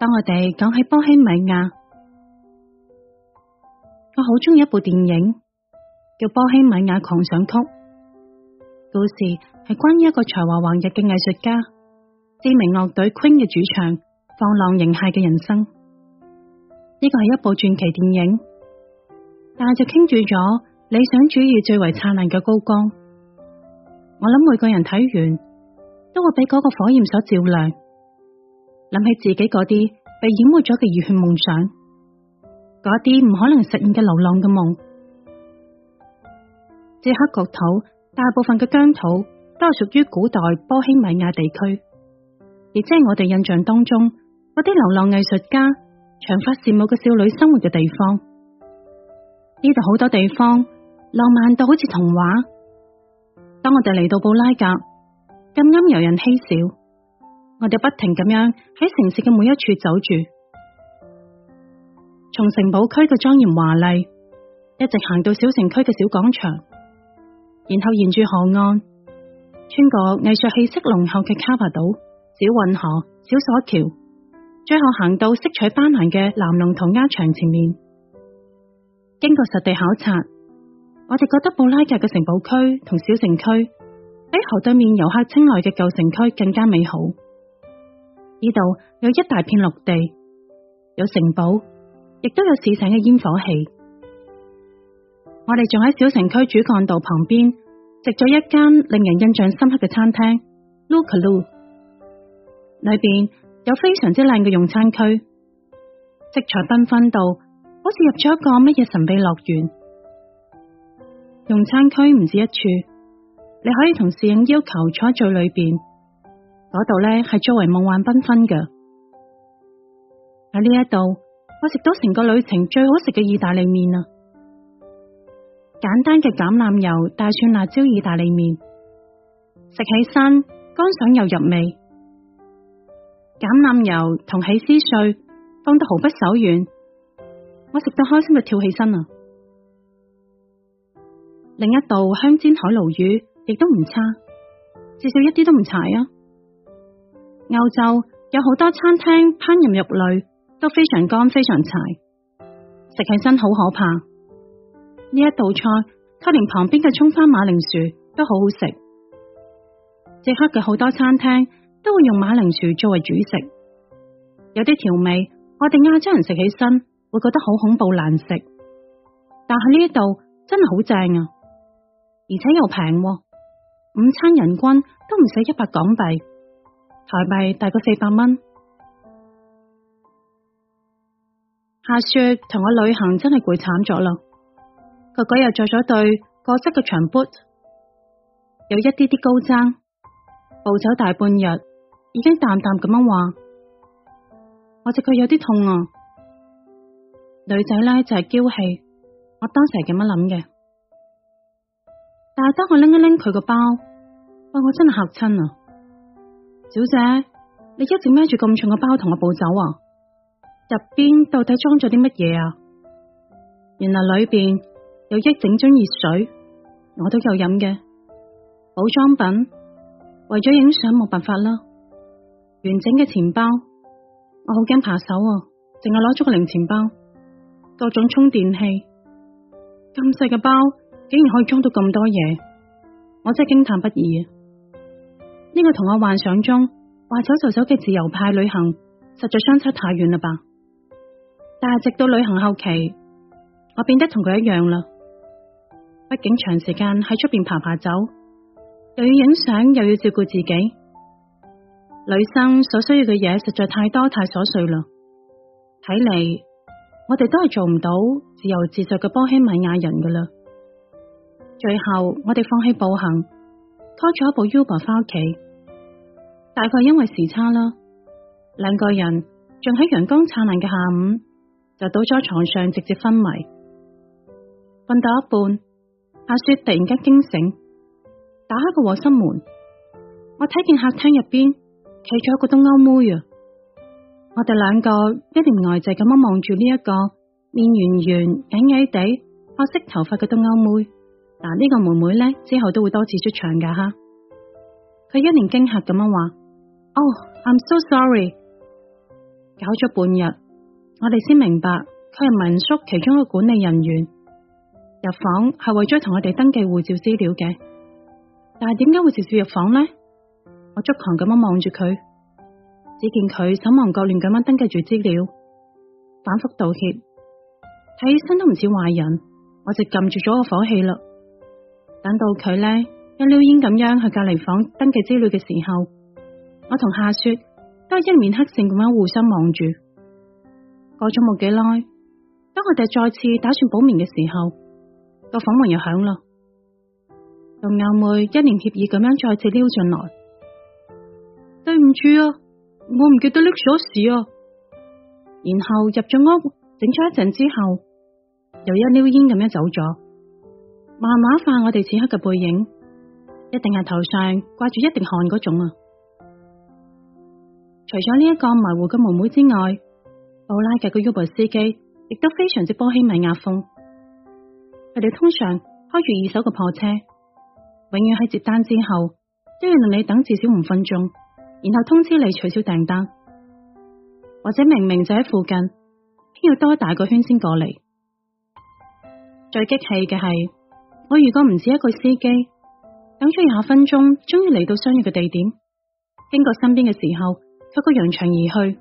當我哋講起波希米亞，我好鍾意一部電影叫《波希米亞狂想曲》，故事係關於一個才華橫溢嘅藝術家、知名樂隊 Queen 嘅主唱放浪形骸嘅人生。呢個係一部傳奇電影，但係就傾住咗理想主義最為燦爛嘅高光。我諗每個人睇完都會俾嗰個火焰所照亮。諗起自己嗰啲被淹沒咗嘅熱血夢想，嗰啲唔可能實現嘅流浪嘅夢。捷克國土大部分嘅疆土都係屬於古代波希米亞地區，亦即係我哋印象當中嗰啲流浪藝術家、長髮羨慕嘅少女生活嘅地方。呢度好多地方浪漫到好似童話。當我哋嚟到布拉格，咁啱遊人稀少。我哋不停咁樣喺城市嘅每一處走住，從城堡區嘅莊嚴華麗，一直行到小城區嘅小廣場，然後沿住河岸穿過藝術氣息濃厚嘅卡帕島、小運河、小鎖橋，最後行到色彩斑斕嘅南龍塗鴉牆前面。經過實地考察，我哋覺得布拉格嘅城堡區同小城區比河對面遊客青睞嘅舊城區更加美好。呢度有一大片綠地，有城堡，亦都有市井嘅煙火氣。我哋仲喺小城區主幹道旁邊食咗一間令人印象深刻嘅餐廳，Luca Lu。裏邊有非常之靚嘅用餐區，色彩繽紛到好似入咗一個乜嘢神秘樂園。用餐區唔止一處，你可以同侍應要求坐喺最裏邊。嗰度呢係周圍夢幻繽紛嘅。喺呢一度，我食到成個旅程最好食嘅意大利麵啊！簡單嘅橄欖油大蒜辣椒意大利麵，食起身乾爽又入味。橄欖油同起司碎放得毫不手軟，我食到開心就跳起身啦！另一道香煎海鱸魚亦都唔差，至少一啲都唔柴啊！歐洲有好多餐廳烹飪肉類都非常乾，非常柴，食起身好可怕。呢一道菜，佢連旁邊嘅葱花馬鈴薯都好好食。捷克嘅好多餐廳都會用馬鈴薯作為主食，有啲調味，我哋亞洲人食起身會覺得好恐怖難食，但係呢一度真係好正啊，而且又平，啊，午餐人均都唔使一百港幣。臺幣大概四百蚊。夏雪同我旅行真係攰慘咗咯，佢嗰日着咗對過膝嘅長 boot，有一啲啲高踭，暴走大半日已經淡淡咁樣話，我隻腳有啲痛啊。女仔呢就係嬌氣，我當時係咁樣諗嘅，但係當我拎一拎佢個包，喂、哎，我真係嚇親啊！小姐，你一直孭住咁重嘅包同我步走啊？入邊到底裝咗啲乜嘢啊？原來裏邊有一整樽熱水，我都有飲嘅。補妝品，為咗影相冇辦法啦。完整嘅錢包，我好驚扒手，啊，淨係攞咗個零錢包。各種充電器，咁細嘅包竟然可以裝到咁多嘢，我真係驚嘆不已。呢個同我幻想中話走就走嘅自由派旅行實在相差太遠啦吧？但係直到旅行後期，我變得同佢一樣啦。畢竟長時間喺出邊爬爬走，又要影相，又要照顧自己，女生所需要嘅嘢實在太多太瑣碎啦。睇嚟我哋都係做唔到自由自在嘅波希米亞人嘅啦。最後我哋放棄步行，拖住一部 Uber 返屋企。大概因為時差啦，兩個人仲喺陽光燦爛嘅下午就倒咗床上，直接昏迷。瞓到一半，阿雪突然間驚醒，打開個臥室門，我睇見客廳入邊企咗一個東歐妹啊！我哋兩個一連呆滯咁樣望住呢一個面圓圓、矮矮地、褐色頭髮嘅東歐妹。嗱，呢個妹妹咧之後都會多次出場嘅哈。佢一連驚嚇咁樣話。哦，oh，I'm so sorry。搞咗半日，我哋先明白佢係民宿其中嘅管理人員，入房係為咗同我哋登記護照資料嘅。但係點解會直接入房呢？我捉狂咁樣望住佢，只見佢手忙腳亂咁樣登記住資料，反覆道歉，睇起身都唔似壞人，我就撳住咗個火氣嘞。等到佢咧一溜煙咁樣去隔離房登記資料嘅時候。我同夏雪都係一面黑線咁樣互相望住。過咗冇幾耐，當我哋再次打算補眠嘅時候，個房門又響啦。同阿妹一臉歉意咁樣再次溜進來。對唔住啊，我唔記得拎鎖匙啊。然後入咗屋，整咗一陣之後，又一溜煙咁樣走咗。漫畫化我哋此刻嘅背影，一定係頭上掛住一滴汗嗰種啊！除咗呢一個迷糊嘅妹妹之外，布拉格嘅 Uber 司機亦都非常之波希米亞風。佢哋通常開住二手嘅破車，永遠喺接單之後都要令你等至少五分鐘，然後通知你取消訂單，或者明明就喺附近，偏要多一大個圈先過嚟。最激氣嘅係，我如果唔止一個司機等咗廿分鐘，終於嚟到相約嘅地點，經過身邊嘅時候，佢個揚長而去，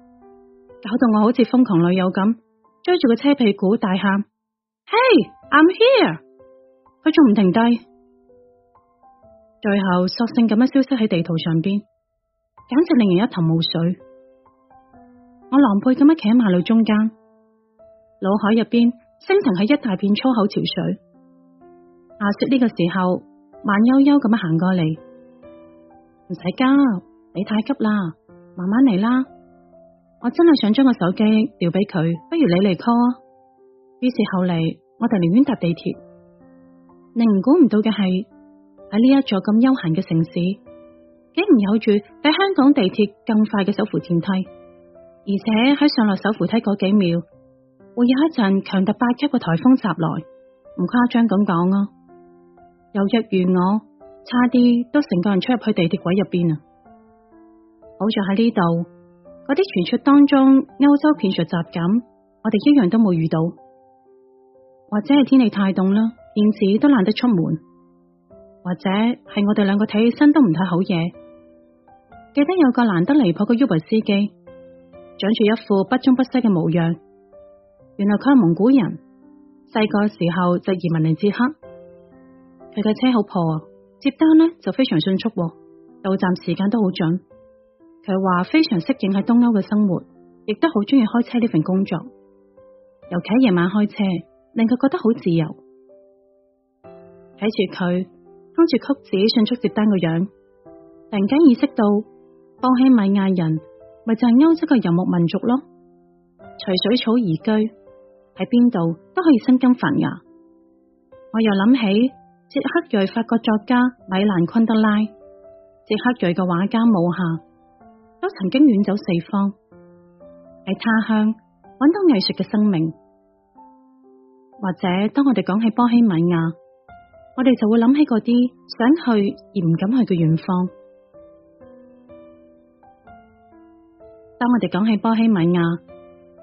搞到我好似瘋狂女友咁追住個車屁股大喊：Hey，I'm here！佢仲唔停低，最後索性咁樣消失喺地圖上邊，簡直令人一頭霧水。我狼狽咁樣企喺馬路中間，腦海入邊升騰起一大片粗口潮水。阿雪呢個時候慢悠悠咁樣行過嚟，唔使急，你太急啦。慢慢嚟啦，我真係想將個手機調俾佢，不如你嚟 call 啊。於是後嚟，我哋寧願搭地鐵。寧估唔到嘅係喺呢一座咁悠閒嘅城市，竟然有住比香港地鐵更快嘅手扶電梯，而且喺上落手扶梯嗰幾秒，會有一陣強達八級嘅台風襲來，唔誇張咁講啊！又若如我，差啲都成個人出入去地鐵軌入邊啊！好似喺呢度，嗰啲傳說當中歐洲騙術集錦，我哋一樣都冇遇到。或者係天氣太凍啦，燕子都懶得出門。或者係我哋兩個睇起身都唔太好嘢。記得有個難得離譜嘅 Uber 司機，長住一副不中不西嘅模樣。原來佢係蒙古人，細個時候就移民嚟捷克。佢架車好破，啊，接單呢就非常迅速，到站時間都好準。佢話非常適應喺東歐嘅生活，亦都好鍾意開車呢份工作。尤其喺夜晚開車，令佢覺得好自由。睇住佢哼住曲子迅速接單個樣，突然間意識到，波希米亞人咪就係歐洲嘅游牧民族咯。隨水草而居，喺邊度都可以生根發芽。我又諗起捷克裔法國作家米蘭昆德拉，捷克裔嘅畫家慕夏。曾經遠走四方，喺他鄉揾到藝術嘅生命。或者當我哋講起波希米亞，我哋就會諗起嗰啲想去而唔敢去嘅遠方。當我哋講起波希米亞，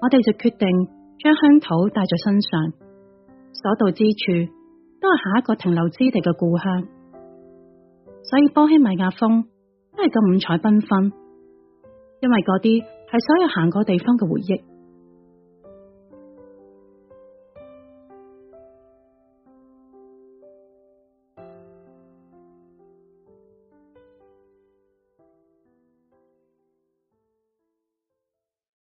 我哋就決定將鄉土帶在身上，所到之處都係下一個停留之地嘅故鄉。所以波希米亞風都係咁五彩繽紛。因為嗰啲係所有行過地方嘅回憶。